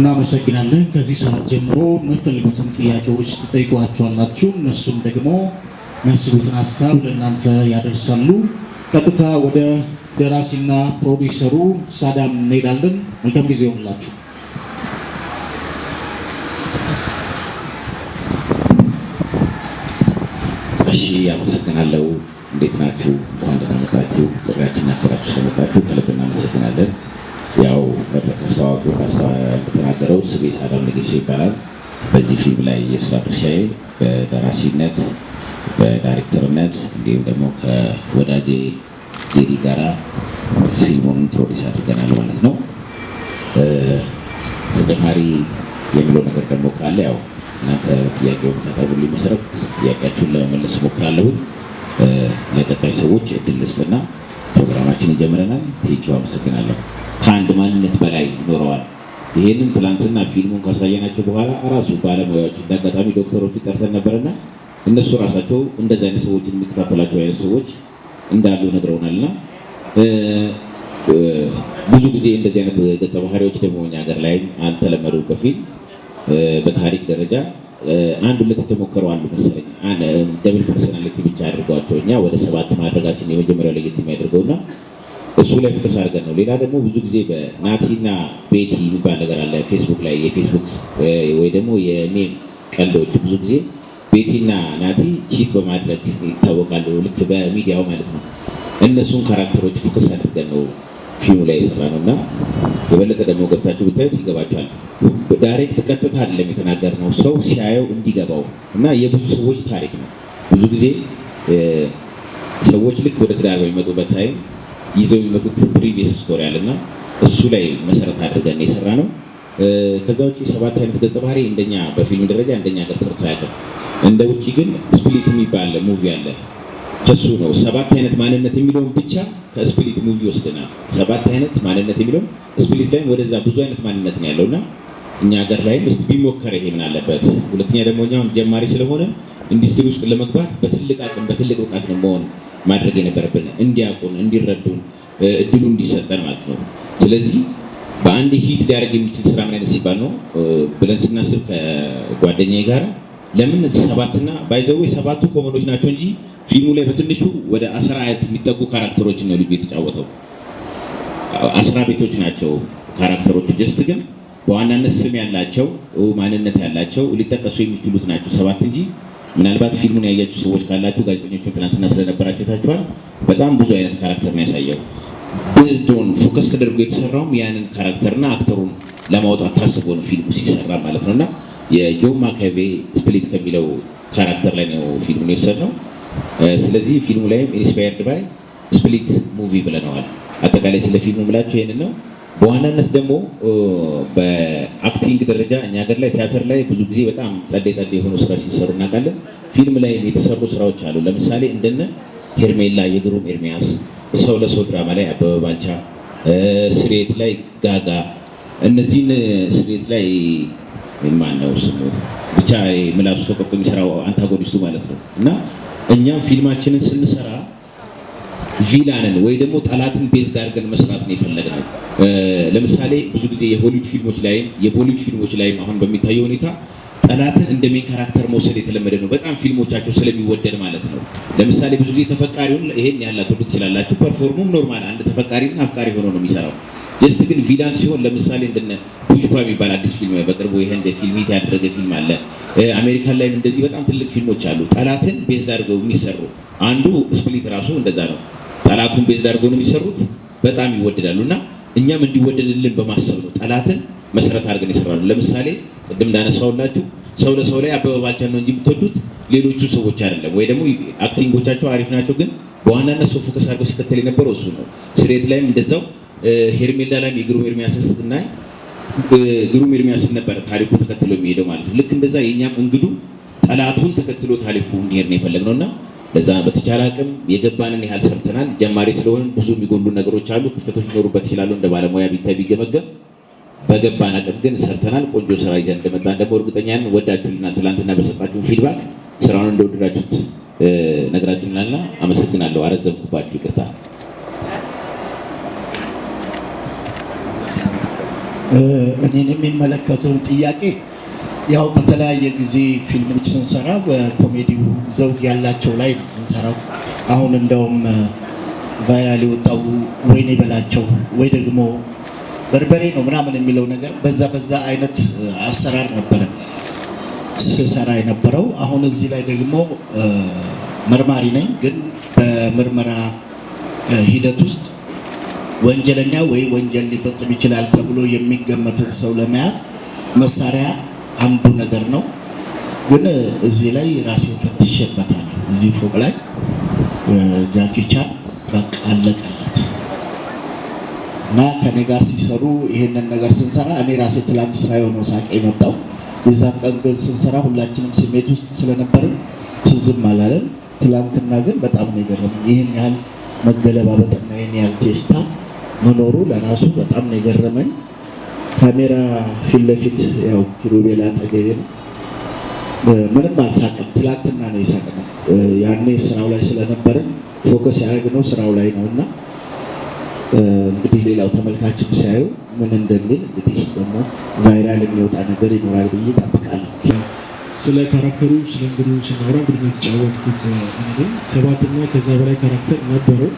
እናመሰግናለን። ከዚህ ሰዓት ጀምሮ የምትፈልጉትን ጥያቄዎች ትጠይቋቸዋላችሁ። እነሱም ደግሞ የሚያስቡትን ሀሳብ ለእናንተ ያደርሳሉ። ቀጥታ ወደ ደራሲና ፕሮዲውሰሩ ሳዳም እንሄዳለን። መልካም ጊዜ ይሆንላችሁ። እሺ፣ አመሰግናለሁ። እንዴት ናችሁ? እንኳን ደህና መጣችሁ። ጥሪያችን ናፈራችሁ ስለመጣችሁ ከልብ እናመሰግናለን። ያው መድረክ አስተዋዋቂ እንደተናገረው ስሜ ሳዳም ነግሶ ይባላል። በዚህ ፊልም ላይ የስራ ድርሻዬ በደራሲነት፣ በዳይሬክተርነት እንዲሁም ደግሞ ከወዳጄ ጌዲ ጋራ ፊልሙን ፕሮዲስ አድርገናል ማለት ነው። ተጨማሪ የምለው ነገር ደግሞ ካለ ያው እናንተ ጥያቄውን ታቀርቡልኝ መሰረት ጥያቄያችሁን ለመመለስ እሞክራለሁ። ለቀጣይ ሰዎች እድል ልስጥና ፕሮግራማችን ይጀምረናል። ቴኪው አመሰግናለሁ። ከአንድ ማንነት በላይ ይኖረዋል። ይህንን ትላንትና ፊልሙን ካሳየናቸው በኋላ ራሱ ባለሙያዎች እንዳጋጣሚ አጋጣሚ ዶክተሮችን ጠርተን ነበርና እነሱ ራሳቸው እንደዚህ አይነት ሰዎችን የሚከታተላቸው አይነት ሰዎች እንዳሉ ነግረውናል። ብዙ ጊዜ እንደዚህ አይነት ገጸ ባህሪዎች ደግሞ እኛ ሀገር ላይ አልተለመዱ። በፊልም በታሪክ ደረጃ አንድ ሁለት የተሞከሩ አሉ መሰለኝ። ደብል ፐርሰናሊቲ ብቻ አድርጓቸው እኛ ወደ ሰባት ማድረጋችን የመጀመሪያው ለየት የሚያደርገውና እሱ ላይ ፎከስ አድርገን ነው። ሌላ ደግሞ ብዙ ጊዜ በናቲና ቤቲ የሚባል ነገር አለ ፌስቡክ ላይ የፌስቡክ ወይ ደግሞ የሜም ቀልዶች ብዙ ጊዜ ቤቲና ናቲ ቺት በማድረግ ይታወቃሉ፣ ልክ በሚዲያው ማለት ነው። እነሱን ካራክተሮች ፎከስ አድርገን ነው ፊልሙ ላይ የሰራ ነው እና የበለጠ ደግሞ ገብታችሁ ብታዩት ይገባችኋል። ዳይሬክት ቀጥታ አይደለም የተናገር ነው ሰው ሲያየው እንዲገባው እና የብዙ ሰዎች ታሪክ ነው። ብዙ ጊዜ ሰዎች ልክ ወደ ትዳር በሚመጡበት ታይም ይዘው የሚመጡት ፕሪቪየስ ስቶሪ አለና እሱ ላይ መሰረት አድርገን የሰራ ነው። ከዛ ውጭ ሰባት አይነት ገጸ ባህሪ እንደኛ በፊልም ደረጃ እንደኛ ገር ሰርቶ ያለ እንደ ውጭ ግን ስፕሊት የሚባል ሙቪ አለ። ከሱ ነው ሰባት አይነት ማንነት የሚለውን ብቻ ከስፕሊት ሙቪ ወስደናል። ሰባት አይነት ማንነት የሚለውን ስፕሊት ላይም ወደዛ ብዙ አይነት ማንነት ነው ያለው እና እኛ ሀገር ላይም ስ ቢሞከር ይሄ ምን አለበት። ሁለተኛ ደግሞ እኛውን ጀማሪ ስለሆነ ኢንዱስትሪ ውስጥ ለመግባት በትልቅ አቅም በትልቅ እውቀት ነው መሆን ማድረግ የነበረብን እንዲያውቁን፣ እንዲረዱን፣ እድሉ እንዲሰጠን ማለት ነው። ስለዚህ በአንድ ሂት ሊያደርግ የሚችል ስራ ምን አይነት ሲባል ነው ብለን ስናስብ ከጓደኛዬ ጋር ለምን ሰባትና ባይዘዌ ሰባቱ ኮመዶች ናቸው እንጂ ፊልሙ ላይ በትንሹ ወደ አስራ አያት የሚጠጉ ካራክተሮች ነው ልጁ የተጫወተው። አስራ ቤቶች ናቸው ካራክተሮቹ። ጀስት ግን በዋናነት ስም ያላቸው ማንነት ያላቸው ሊጠቀሱ የሚችሉት ናቸው ሰባት እንጂ ምናልባት ፊልሙን ያያችሁ ሰዎች ካላችሁ ጋዜጠኞቹን ትናንትና ስለነበራችሁ ታችኋል። በጣም ብዙ አይነት ካራክተር ነው ያሳየው። ቤዝዶን ፎከስ ተደርጎ የተሰራውም ያንን ካራክተርና አክተሩን ለማውጣት ታስቦ ነው ፊልሙ ሲሰራ ማለት ነው እና የጆን ማካቬ ስፕሊት ከሚለው ካራክተር ላይ ነው ፊልሙ ነው የተሰራው። ስለዚህ ፊልሙ ላይም ኢንስፓየርድ ባይ ስፕሊት ሙቪ ብለነዋል። አጠቃላይ ስለ ፊልሙ ምላችሁ ይህንን ነው። በዋናነት ደግሞ በአክቲንግ ደረጃ እኛ ሀገር ላይ ቲያትር ላይ ብዙ ጊዜ በጣም ጸዴ ጸዴ የሆኑ ስራዎች ሲሰሩ እናውቃለን። ፊልም ላይ የተሰሩ ስራዎች አሉ። ለምሳሌ እንደነ ሄርሜላ የግሩም ኤርሚያስ፣ ሰው ለሰው ድራማ ላይ አበበ ባልቻ፣ ስሬት ላይ ጋጋ እነዚህን ስሬት ላይ ማነው ስሙ ብቻ ምላሱ ተቆርጦ የሚሰራው አንታጎኒስቱ ማለት ነው እና እኛም ፊልማችንን ስንሰራ ቪላንን ወይ ደግሞ ጠላትን ቤዝ ዳርገን መስራት ነው የፈለግነው። ለምሳሌ ብዙ ጊዜ የሆሊውድ ፊልሞች ላይም የቦሊውድ ፊልሞች ላይም አሁን በሚታየው ሁኔታ ጠላትን እንደ ሜን ካራክተር መውሰድ የተለመደ ነው። በጣም ፊልሞቻቸው ስለሚወደድ ማለት ነው። ለምሳሌ ብዙ ጊዜ ተፈቃሪውን ይሄን ያላትሉ ትችላላችሁ። ፐርፎርሙም ኖርማል አንድ ተፈቃሪና አፍቃሪ ሆኖ ነው የሚሰራው። ጀስት ግን ቪላን ሲሆን ለምሳሌ እንደነ ፑሽፓ የሚባል አዲስ ፊልም በቅርቡ እንደ ፊልም ያደረገ ፊልም አለ። አሜሪካን ላይም እንደዚህ በጣም ትልቅ ፊልሞች አሉ፣ ጠላትን ቤዝ አድርገው የሚሰሩ አንዱ ስፕሊት ራሱ እንደዛ ነው። ጠላቱን ቤዝ ዳርጎ ነው የሚሰሩት። በጣም ይወደዳሉ እና እኛም እንዲወደድልን በማሰብ ነው ጠላትን መሰረት አድርገን ይሰራሉ። ለምሳሌ ቅድም እንዳነሳውላችሁ ሰው ለሰው ላይ አበበ ባልቻ ነው እንጂ የምትወዱት ሌሎቹ ሰዎች አይደለም። ወይ ደግሞ አክቲንጎቻቸው አሪፍ ናቸው፣ ግን በዋናነት ሰው ፎከስ አድርገው ሲከተል የነበረው እሱ ነው። ስሬት ላይም እንደዛው፣ ሄርሜላ ላይም የግሩም ኤርሚያስ እና ግሩም ኤርሚያስ ነበረ ታሪኩ ተከትሎ የሚሄደው ማለት ነው። ልክ እንደዛ የእኛም እንግዱ ጠላቱን ተከትሎ ታሪኩ እንዲሄድ ነው የፈለግነው እና በዛ በተቻለ አቅም የገባንን ያህል ሰርተናል። ጀማሪ ስለሆን ብዙ የሚጎሉ ነገሮች አሉ፣ ክፍተቶች ሊኖሩበት ይችላሉ። እንደ ባለሙያ ቢታይ ቢገመገም፣ በገባን አቅም ግን ሰርተናል። ቆንጆ ስራ ይዘን እንደመጣን ደግሞ እርግጠኛ ነን። ወዳችሁልናል። ትናንትና በሰጣችሁን ፊድባክ ስራውን እንደወደዳችሁት ነግራችሁናልና አመሰግናለሁ። አረዘምኩባችሁ፣ ይቅርታ። እኔን የሚመለከቱን ጥያቄ ያው በተለያየ ጊዜ ፊልሞች ስንሰራ በኮሜዲው ዘውግ ያላቸው ላይ ነው አሁን እንደውም ቫይራል የወጣው ወይኔ በላቸው ወይ ደግሞ በርበሬ ነው ምናምን የሚለው ነገር በዛ በዛ አይነት አሰራር ነበረ ስሰራ የነበረው። አሁን እዚህ ላይ ደግሞ መርማሪ ነኝ፣ ግን በምርመራ ሂደት ውስጥ ወንጀለኛ ወይ ወንጀል ሊፈጽም ይችላል ተብሎ የሚገመትን ሰው ለመያዝ መሳሪያ አንዱ ነገር ነው። ግን እዚህ ላይ ራሴ ፈትሼበታለሁ። እዚህ ፎቅ ላይ ጃኪ ቻን በቃ አለቀለት እና ከኔ ጋር ሲሰሩ ይሄንን ነገር ስንሰራ እኔ ራሴ ትላንት ስራ የሆነው ሳቄ መጣው። የዛን ቀን ግን ስንሰራ ሁላችንም ስሜት ውስጥ ስለነበርን ትዝም አላለን። ትላንትና ግን በጣም ነው የገረመኝ። ይህን ያህል መገለባበጥና ይህን ያህል ቴስታ መኖሩ ለራሱ በጣም ነው የገረመኝ። ካሜራ ፊት ለፊት ያው ኪሩቤል አጠገቤ ነው። ምንም አልሳቅም። ትላንትና ነው የሳቅነው። ያኔ ስራው ላይ ስለነበረ ፎከስ ያደረግነው ስራው ላይ ነው እና እንግዲህ ሌላው ተመልካችም ሲያዩ ምን እንደሚል እንግዲህ ደግሞ ቫይራል የሚወጣ ነገር ይኖራል ብዬ እጠብቃለሁ። ስለ ካራክተሩ ስለ እንግዲህ ስናወራ እንግዲህ የተጫወትኩት እንግዲህ ሰባትና ከዛ በላይ ካራክተር ነበረው።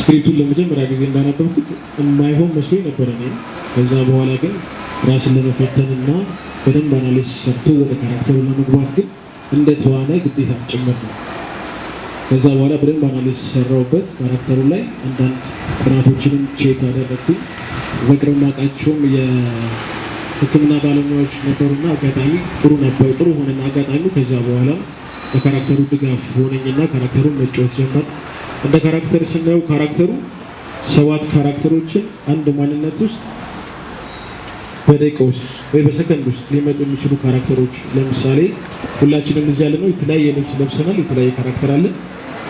ስክሪፕቱን ለመጀመሪያ ጊዜ እንዳነበብኩት የማይሆን መስሎኝ ነበረ እኔ ከዛ በኋላ ግን ራስን ለመፈተንና በደንብ አናሊስ ሰርቶ ወደ ካራክተሩ ለመግባት ግን እንደ ተዋናይ ግዴታ ጭምር ነው። ከዛ በኋላ በደንብ አናሊስ ሰራውበት ካራክተሩ ላይ አንዳንድ ጥናቶችንም ቼክ አደረግኩኝ። በቅርብ ማውቃቸውም የሕክምና ባለሙያዎች ነበሩና አጋጣሚ ጥሩ ነበር ጥሩ ሆነና አጋጣሚ ከዛ በኋላ ለካራክተሩ ድጋፍ ሆነኝና ካራክተሩን መጫወት ጀመር። እንደ ካራክተር ስናየው ካራክተሩ ሰባት ካራክተሮችን አንድ ማንነት ውስጥ በደቂቃ ውስጥ ወይ በሰከንድ ውስጥ ሊመጡ የሚችሉ ካራክተሮች ለምሳሌ ሁላችንም እዚህ ያለነው የተለያየ ልብስ ለብሰናል፣ የተለያየ ካራክተር አለ።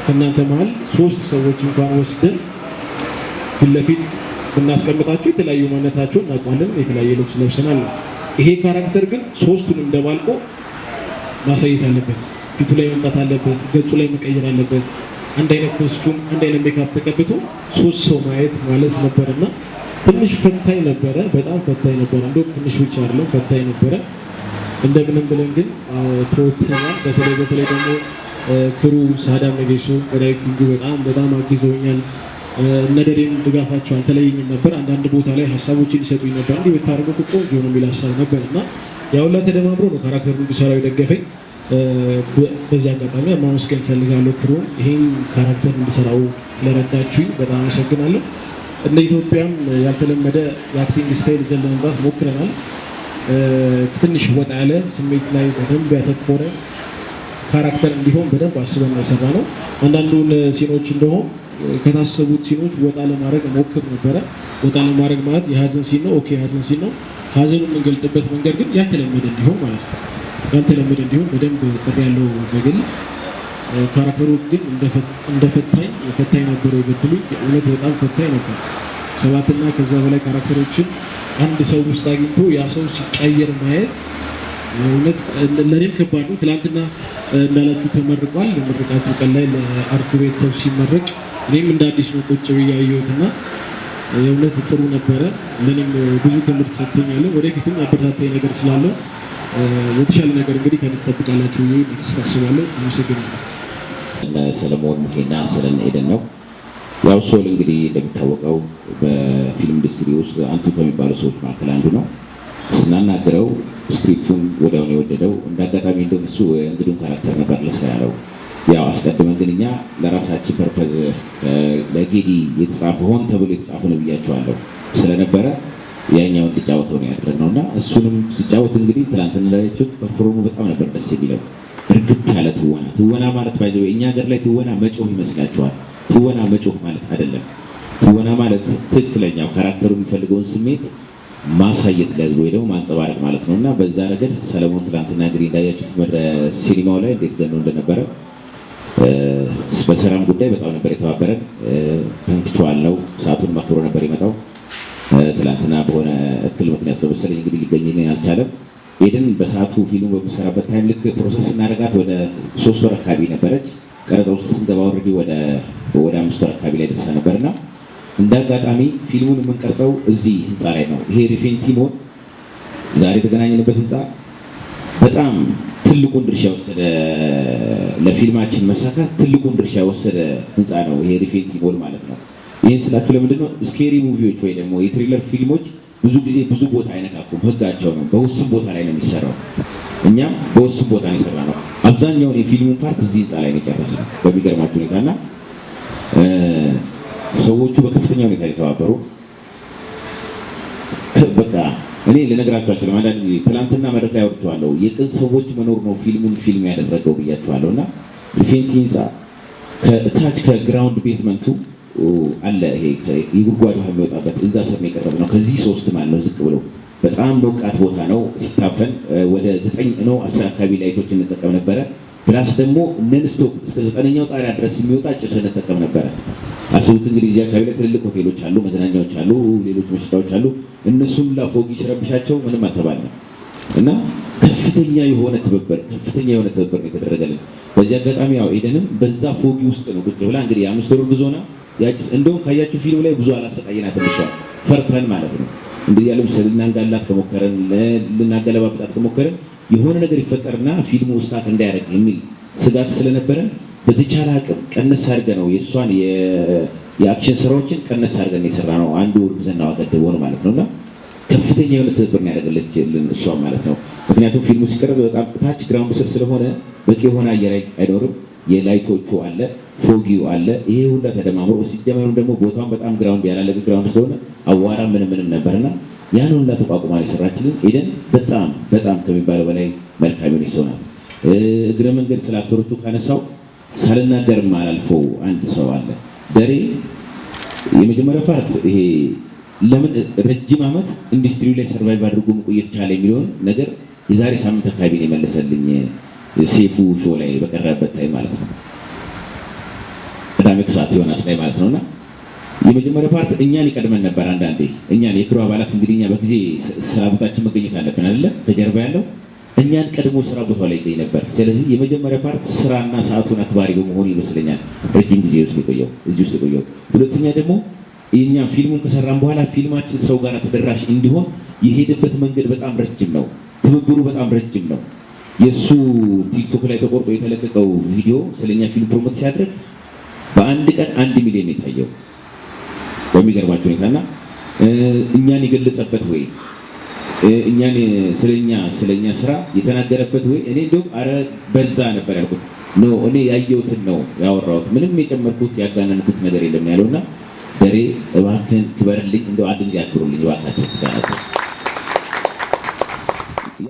ከእናንተ መሀል ሶስት ሰዎች እንኳን ወስደን ፊት ለፊት ብናስቀምጣቸው የተለያዩ ማነታቸው እናውቋለን፣ የተለያየ ልብስ ለብሰናል። ይሄ ካራክተር ግን ሶስቱን እንደባልቆ ማሳየት አለበት። ፊቱ ላይ መምጣት አለበት፣ ገጹ ላይ መቀየር አለበት። አንድ አይነት ኮስቹም፣ አንድ አይነት ሜካፕ ተቀብቶ ሶስት ሰው ማየት ማለት ነበርና ትንሽ ፈታኝ ነበረ፣ በጣም ፈታኝ ነበረ። እንደ ትንሽ ብቻ አይደለም ፈታኝ ነበረ። እንደምንም ብለን ግን ተወጥተናል። በተለይ በተለይ ደግሞ ክሩ ሳዳም ነገሾ ዳይሬክቲንግ በጣም በጣም አግዘውኛል። እነደሬም ድጋፋቸው አልተለየኝም ነበር። አንዳንድ ቦታ ላይ ሀሳቦችን ይሰጡኝ ነበር። እንዲህ ብታደርገው ቁጦ እንዲሆ የሚል ሀሳብ ነበር እና ያውላ ተደማምሮ ነው ካራክተሩ እንዲሰራው የደገፈኝ። በዚህ አጋጣሚ ማመስገን እፈልጋለሁ ክሩን፣ ይህን ካራክተር እንዲሰራው ለረዳችሁኝ በጣም አመሰግናለሁ። እንደ ኢትዮጵያም ያልተለመደ የአክቲንግ ስታይል ይዘን ለመምጣት ሞክረናል። ትንሽ ወጣ ያለ ስሜት ላይ በደንብ ያተኮረ ካራክተር እንዲሆን በደንብ አስበን የሰራ ነው። አንዳንዱን ሲኖች እንደሆን ከታሰቡት ሲኖች ወጣ ለማድረግ ሞክር ነበረ። ወጣ ለማድረግ ማለት የሀዘን ሲን ነው። ኦኬ ሀዘን ሲን ነው። ሀዘኑ የምንገልጥበት መንገድ ግን ያልተለመደ እንዲሆን ማለት ነው። ያልተለመደ እንዲሆን በደንብ ጥሪ ያለው በግል ካራክተሩ ግን እንደ ፈታኝ የፈታኝ ነበረ ብትሉኝ እውነት በጣም ፈታኝ ነበር። ሰባትና ከዛ በላይ ካራክተሮችን አንድ ሰው ውስጥ አግኝቶ ያ ሰው ሲቀየር ማየት እውነት ለእኔም ከባድ ነው። እንዳላችሁ ተመርቋል። ቀን ላይ ለአርቱ ቤተሰብ ሲመረቅ እኔም እንደ አዲስ ነው ቁጭ ብዬ የእውነት ጥሩ ነበረ። ለእኔም ብዙ ትምህርት ሰጥቶኛል። ወደፊትም አበረታታኝ ነገር ስላለው የተሻለ ነገር እንግዲህ አመሰግናለሁ። ሰለሞን ሄና ሰለን ኤደን ነው። ያው ሶል እንግዲህ እንደሚታወቀው በፊልም ኢንዱስትሪ ውስጥ አንቱ ከሚባሉ ሰዎች መካከል አንዱ ነው። ስናናግረው ስክሪፕቱን ወዲያውኑ የወደደው እንደ አጋጣሚ እንደውም እሱ እንግዲህ ካራክተር ነበር ለስራ ያለው ያው አስቀድመን ግን እኛ ለራሳችን ፐርፐዝ ለጌዲ የተጻፈ ሆን ተብሎ የተጻፈ ነው ብያቸዋለሁ ስለነበረ ያኛው እንዲጫወተው ነው ያደረግነው እና እሱንም ሲጫወት እንግዲህ ትናንትና ላያቸው ፐርፎርሙ በጣም ነበር ደስ የሚለው። እርግት ያለ ትወና ትወና ማለት ባይዘ እኛ ሀገር ላይ ትወና መጮህ ይመስላችኋል። ትወና መጮህ ማለት አይደለም። ትወና ማለት ትክክለኛው ካራክተሩ የሚፈልገውን ስሜት ማሳየት ለህዝብ ወይ ደግሞ ማንጸባረቅ ማለት ነው እና በዛ ረገድ ሰለሞን ትናንትና እንግዲህ እንዳያችሁት ሲኒማው ላይ እንዴት ገኖ እንደነበረ በሰላም ጉዳይ በጣም ነበር የተባበረን። ተንክቸዋል ነው ሰዓቱን ማክብሮ ነበር የመጣው። ትናንትና በሆነ እክል ምክንያት ነው መሰለኝ እንግዲህ ሊገኝልን አልቻለም። ይህን በሰዓቱ ፊልሙ በምሰራበት ታይም ልክ ፕሮሰስ ስናደርጋት ወደ ሶስት ወር አካባቢ ነበረች። ቀረጻ ውስጥ ስንገባ ኦልሬዲ ወደ አምስት ወር አካባቢ ላይ ደርሳ ነበርና እንደ አጋጣሚ ፊልሙን የምንቀርጠው እዚህ ህንፃ ላይ ነው። ይሄ ሪፌን ቲሞን ዛሬ የተገናኘንበት ህንፃ በጣም ትልቁን ድርሻ ወሰደ፣ ለፊልማችን መሳካት ትልቁን ድርሻ የወሰደ ህንፃ ነው ይሄ ሪፌን ማለት ነው። ይህን ስላችሁ ለምንድን ነው ስኬሪ ሙቪዎች ወይ ደግሞ የትሪለር ፊልሞች ብዙ ጊዜ ብዙ ቦታ አይነካኩም። ህጋቸው ነው። በውስን ቦታ ላይ ነው የሚሰራው። እኛም በውስን ቦታ ነው የሰራ ነው። አብዛኛውን የፊልሙን ፓርት እዚህ ህንፃ ላይ ነው የጨረስነው በሚገርማችሁ ሁኔታ እና ሰዎቹ በከፍተኛ ሁኔታ የተባበሩ በቃ እኔ ልነግራችሁ አልችልም። አንዳንድ ጊዜ ትናንትና መድረክ ላይ አውርቼዋለሁ። የቅን ሰዎች መኖር ነው ፊልሙን ፊልም ያደረገው ብያችኋለሁ እና ፌንቲ ህንፃ ከታች ከግራውንድ ቤዝመንቱ አለ ይሄ የጉድጓድ ውሃ የሚወጣበት እዛ ሰብ የቀረበ ነው። ከዚህ ሶስት ማለት ነው ዝቅ ብሎ በጣም ሞቃት ቦታ ነው። ሲታፈን ወደ ዘጠኝ ነው አስር አካባቢ ላይቶች እንጠቀም ነበረ። ፕላስ ደግሞ ነንስቶፕ እስከ ዘጠነኛው ጣሪያ ድረስ የሚወጣ ጭስ እንጠቀም ነበረ። አስቡት እንግዲህ እዚህ አካባቢ ላይ ትልልቅ ሆቴሎች አሉ፣ መዝናኛዎች አሉ፣ ሌሎች መሸጫዎች አሉ። እነሱም ላፎጊ ሲረብሻቸው ምንም አልተባልንም እና ከፍተኛ የሆነ ትብብር ከፍተኛ የሆነ ትብብር ነው የተደረገልን። በዚህ አጋጣሚ ያው ኤደንም በዛ ፎጊ ውስጥ ነው ቁጭ ብላ እንግዲህ የአምስት ወር ጉዞና ያቺስ እንደውም ካያችሁ ፊልም ላይ ብዙ አላሰቃየናትም። እሷ ፈርተን ማለት ነው እንዴ ያለም ልናንጋላት ከሞከረን ልናገለባብጣት ከሞከረን የሆነ ነገር ይፈጠርና ፊልሙ ውስጣት እንዳያደርግ የሚል ስጋት ስለነበረ በተቻለ አቅም ቀነስ አድርገን ነው የእሷን የአክሽን ስራዎችን ቀነስ ነው የሰራ ነው። አንዱ እርግዝናዋ ገድቦ ነው ማለት ነውና ከፍተኛ የሆነ ትብብር ያደረገችልን እሷ ማለት ነው። ምክንያቱም ፊልሙ ሲቀረብ በጣም ታች ግራውንድ ስር ስለሆነ በቂ የሆነ አየር አይኖርም። የላይቶቹ አለ፣ ፎጊው አለ። ይሄ ሁላ ተደማምሮ ሲጀመሩ ደግሞ ቦታውን በጣም ግራውንድ ያላለቀ ግራውንድ ስለሆነ አዋራ ምንም ምንም ነበርና ያን ሁላ ተቋቁማ ስራችንን ኤደን በጣም በጣም ከሚባለው በላይ መልካም የሆነች ሰው ናት። እግረ መንገድ ስለ አክተሮቹ ካነሳው ሳልናገር አላልፈው አንድ ሰው አለ ደሬ። የመጀመሪያ ፓርት ይሄ ለምን ረጅም ዓመት ኢንዱስትሪው ላይ ሰርቫይቭ አድርጎ መቆየት ቻለ የሚለውን ነገር የዛሬ ሳምንት አካባቢ ነው የመለሰልኝ። ሴፉ ሾ ላይ በቀረበት ላይ ማለት ነው ቅዳሜ ከሰዓት ዮናስ ላይ ማለት ነውና የመጀመሪያ ፓርት እኛን ይቀድመን ነበር። አንዳንዴ እኛን የክሩ አባላት እንግዲህ እኛ በጊዜ ስራ ቦታችን መገኘት አለብን አይደለ? ከጀርባ ያለው እኛን ቀድሞ ስራ ቦታ ላይ ይገኝ ነበር። ስለዚህ የመጀመሪያ ፓርት ስራና ሰዓቱን አክባሪ በመሆኑ ይመስለኛል ረጅም ጊዜ ውስጥ የቆየው እዚህ ውስጥ የቆየው። ሁለተኛ ደግሞ እኛ ፊልሙን ከሰራን በኋላ ፊልማችን ሰው ጋር ተደራሽ እንዲሆን የሄደበት መንገድ በጣም ረጅም ነው። ትብብሩ በጣም ረጅም ነው። የእሱ ቲክቶክ ላይ ተቆርጦ የተለቀቀው ቪዲዮ ስለኛ ፊልም ፕሮሞት ሲያደርግ በአንድ ቀን አንድ ሚሊዮን የታየው በሚገርማቸው ሁኔታ እና እኛን የገለጸበት ወይ እኛን ስለኛ ስለኛ ስራ የተናገረበት ወይ እኔ እንዲሁም አረ በዛ ነበር ያልኩት። ኖ እኔ ያየሁትን ነው ያወራሁት። ምንም የጨመርኩት ያጋነንኩት ነገር የለም ያለውና ደሬ እባክህን ክበርልኝ፣ እንደው አንድ ጊዜ አክብሩልኝ እባካቸው